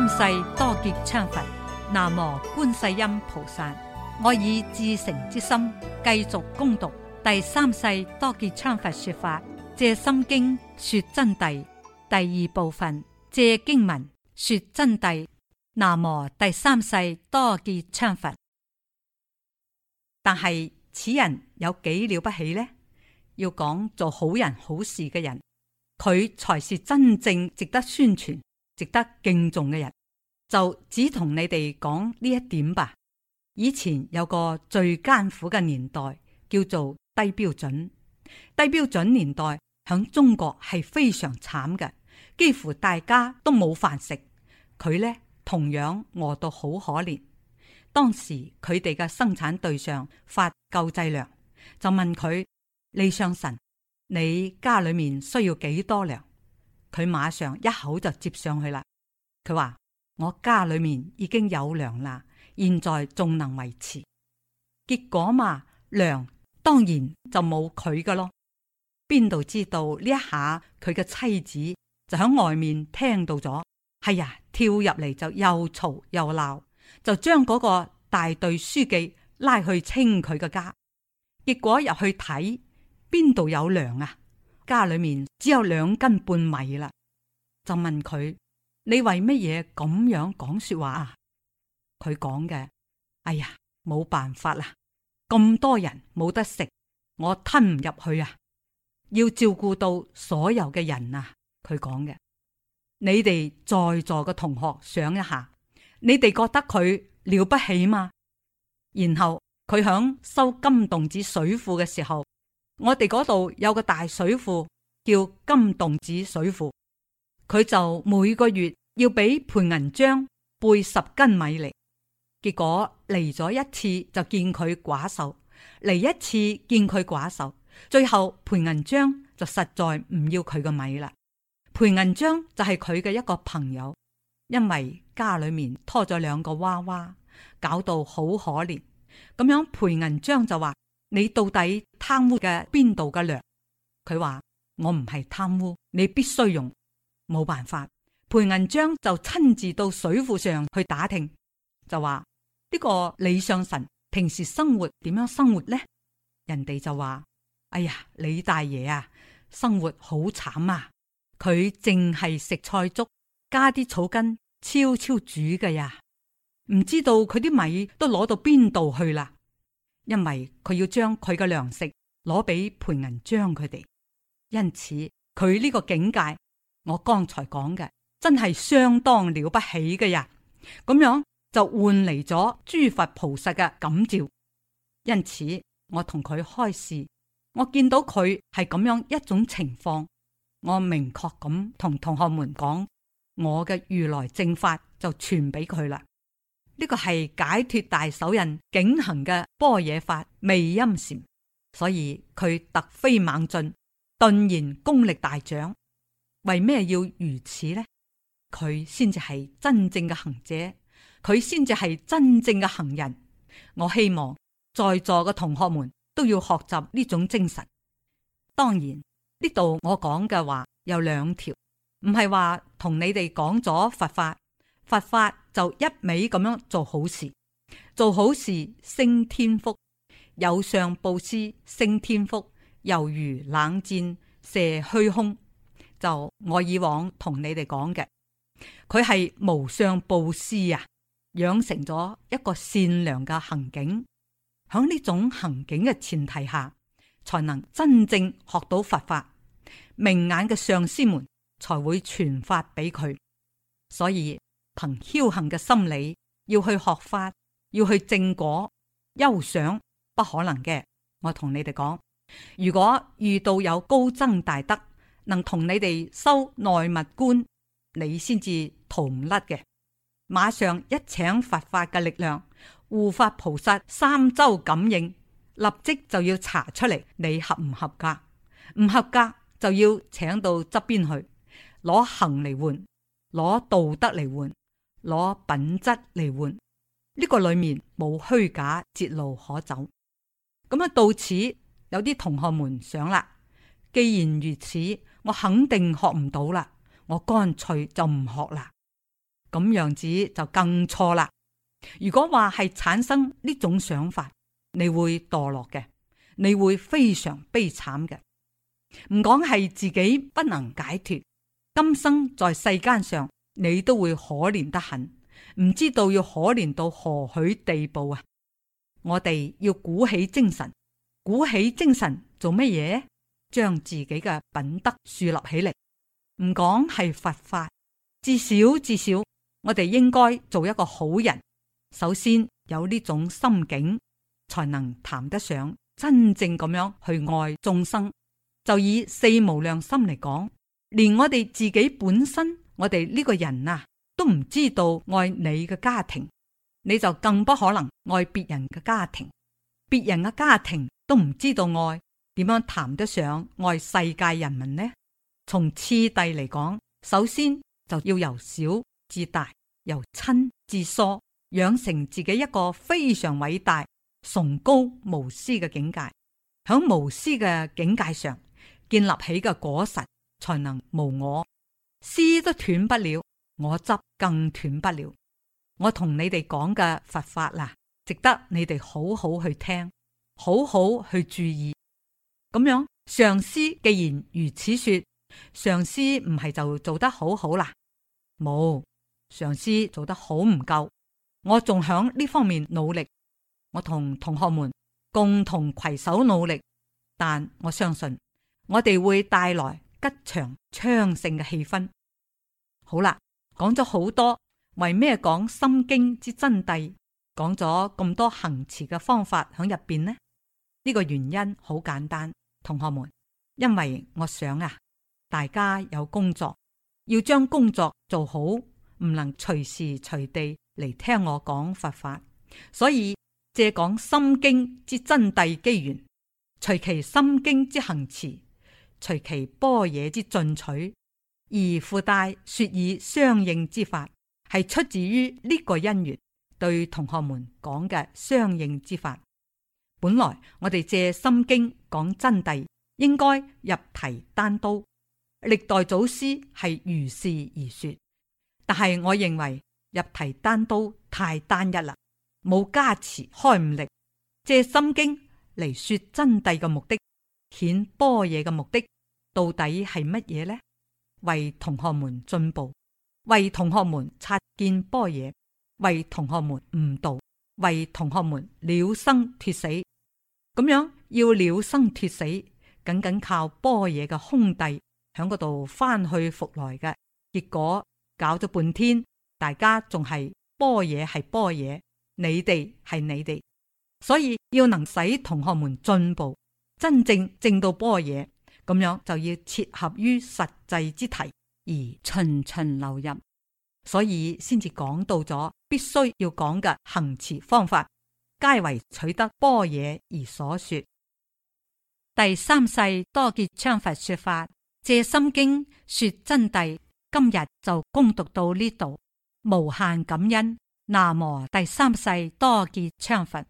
三世多杰羌佛，南無觀世音菩薩。我以至誠之心，繼續恭讀第三世多杰羌佛說法《藉心經》說真諦第二部分《藉經文說真諦》，南無第三世多杰羌佛。但係此人有幾了不起呢？要講做好人好事嘅人，佢才是真正值得宣傳。值得敬重嘅人，就只同你哋講呢一點吧。以前有個最艱苦嘅年代，叫做低標準。低標準年代響中國係非常慘嘅，幾乎大家都冇飯食。佢呢同樣餓到好可憐。當時佢哋嘅生產隊上發救濟糧，就問佢：「李相臣，你家裏面需要幾多糧？佢馬上一口就接上去啦。佢話，我家裏面已經有糧啦，現在仲能維持。結果嘛，糧當然就冇佢㗎咯。邊度知道呢一下佢嘅妻子就響外面聽到咗，係、哎、呀，跳入嚟就又嘈又鬧，就將嗰個大隊書記拉去清佢嘅家。結果入去睇邊度有糧啊？家裏面只有兩斤半米啦，就問佢：你為乜嘢咁樣講說話啊？佢講嘅：哎呀，冇辦法啦，咁多人冇得食，我吞唔入去啊，要照顧到所有嘅人啊。佢講嘅，你哋在座嘅同學想一下，你哋覺得佢了不起嗎？然後佢響收金洞子水庫嘅時候。我哋嗰度有個大水庫叫金洞子水庫，佢就每個月要俾裴銀章背十斤米嚟，結果嚟咗一次就見佢寡瘦，嚟一次見佢寡瘦，最後裴銀章就實在唔要佢個米啦。裴銀章就係佢嘅一個朋友，因為家裏面拖咗兩個娃娃，搞到好可憐，咁樣裴銀章就話。你到底貪污嘅邊度嘅糧？佢話我唔係貪污，你必須用，冇辦法。裴銀章就親自到水庫上去打聽，就話呢、呢個李相臣平時生活點樣生活呢？人哋就話：哎呀，李大爺啊，生活好慘啊！佢淨係食菜粥，加啲草根，超超煮嘅呀，唔知道佢啲米都攞到邊度去啦。因為佢要將佢嘅糧食攞俾裴銀章佢哋，因此佢呢個境界，我剛才講嘅真係相當了不起嘅呀！咁樣就換嚟咗諸佛菩薩嘅感召，因此我同佢開示，我見到佢係咁樣一種情況，我明確咁同同學們講，我嘅如來正法就傳俾佢啦。呢個係解脫大手印景行嘅般若法未陰禪，所以佢突飛猛進，頓然功力大漲。為咩要如此呢？佢先至係真正嘅行者，佢先至係真正嘅行人。我希望在座嘅同學們都要學習呢種精神。當然，呢度我講嘅話有兩條，唔係話同你哋講咗佛法，佛法。就一味咁樣做好事，做好事升天福，有相布施升天福，猶如冷箭射虛空。就我以往同你哋講嘅，佢係無相布施啊，養成咗一個善良嘅行徑。喺呢種行徑嘅前提下，才能真正學到佛法。明眼嘅上師們才會傳法俾佢，所以，行僥倖嘅心理要去學法，要去正果，休想不可能嘅。我同你哋講，如果遇到有高僧大德，能同你哋修內密觀，你先至逃唔甩嘅。馬上一請佛法嘅力量，護法菩薩三周感應，立即就要查出嚟，你合唔合格？唔合格就要請到側邊去，攞行嚟換，攞道德嚟換。攞品質嚟換，呢個裏面冇虛假，捷路可走。咁啊，到此有啲同學們想啦，既然如此，我肯定學唔到啦，我乾脆就唔學啦。咁樣子就更錯啦。如果話係產生呢種想法，你會墮落嘅，你會非常悲慘嘅。唔講係自己不能解脱，今生在世間上。你都會可憐得很，唔知道要可憐到何許地步啊！我哋要鼓起精神，鼓起精神做乜嘢？將自己嘅品德樹立起嚟，唔講係佛法，至少至少，我哋應該做一個好人。首先有呢種心境，才能談得上真正咁樣去愛眾生。就以四無量心嚟講，連我哋自己本身。我哋呢個人啊，都唔知道愛你嘅家庭，你就更不可能愛別人嘅家庭。別人嘅家庭都唔知道愛，點樣談得上愛世界人民呢？從次第嚟講，首先就要由小至大，由親至疏，養成自己一個非常偉大、崇高無私嘅境界。響無私嘅境界上建立起嘅果實，才能無我。絲都斷不了，我執更斷不了。我同你哋講嘅佛法啦，值得你哋好好去聽，好好去注意。咁樣，上師既然如此說，上師唔係就做得好好啦，冇上師做得好唔夠，我仲響呢方面努力，我同同學們共同携手努力，但我相信我哋會帶來。吉祥昌盛嘅氣氛，好啦，講咗好多，為咩講心經之真諦？講咗咁多行持嘅方法喺入邊呢？呢個原因好簡單，同學們，因為我想啊，大家有工作，要將工作做好，唔能隨時隨地嚟聽我講佛法，所以借講心經之真諦機緣，隨其心經之行持，隨其般若之進取，而附帶說以相應之法，係出自於呢個因緣對同學們講嘅相應之法。本來我哋借《心經》講真諦，應該入題單刀，歷代祖師係如是而說。但係我認為入題單刀太單一啦，冇加持開悟力。借《心經》嚟說真諦嘅目的。顯般若嘅目的到底係乜嘢呢？為同學們進步，為同學們察見般若，為同學們悟道，為同學們了生脱死。咁樣要了生脱死，僅僅靠般若嘅空諦響嗰度翻去復來嘅結果，搞咗半天，大家仲係般若，係般若，你哋係你哋，所以要能使同學們進步。真正正到般若咁樣，就要切合於實際之題而循循流入，所以先至講到咗，必須要講嘅行持方法，皆為取得般若而所說。第三世多杰羌佛說法《藉心經》說真諦，今日就恭讀到呢度，無限感恩。那麼第三世多杰羌佛。